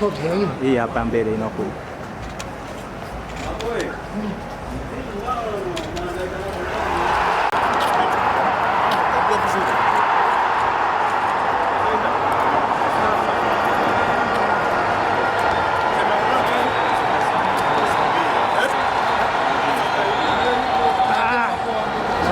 Rodeio? E a Pamberei no cu. Ah!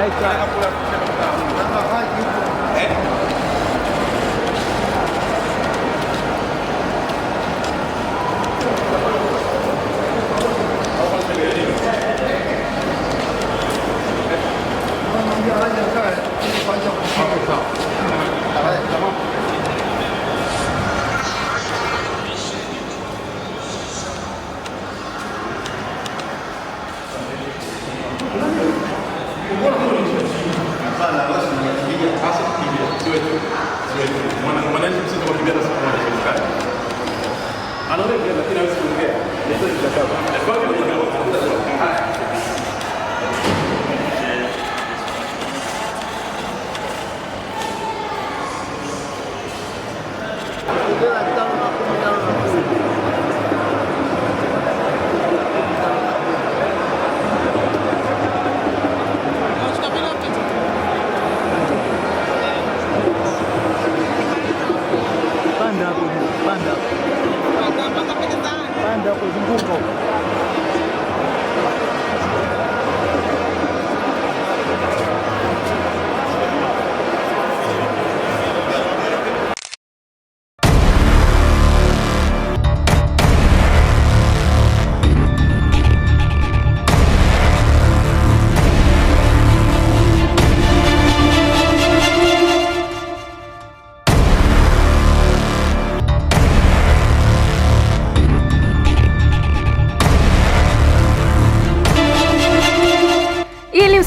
Eita! É? mwananchi msije kupigana siku moja serikali anaongea lakini hawezi kuongea ndio kitakapo kwa hiyo Good. 我们户口。